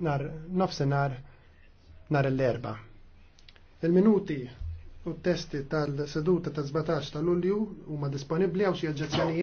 nar nofsenar nar l-erba. Il-minuti u t testi tal-seduta ta' 17 ta' Lulju huma disponibbli għaw xi